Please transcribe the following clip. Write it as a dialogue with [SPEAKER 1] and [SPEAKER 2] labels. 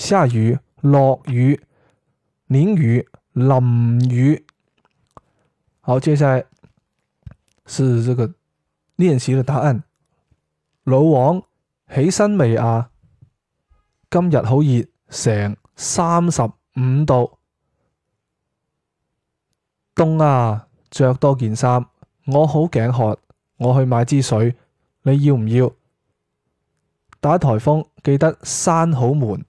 [SPEAKER 1] 下雨，落雨，淋雨，淋雨。好，接下來是呢、這個呢陣時嘅答案。老王起身未啊？今日好熱，成三十五度，凍啊！着多件衫。我好頸渴，我去買支水，你要唔要？打台風，記得閂好門。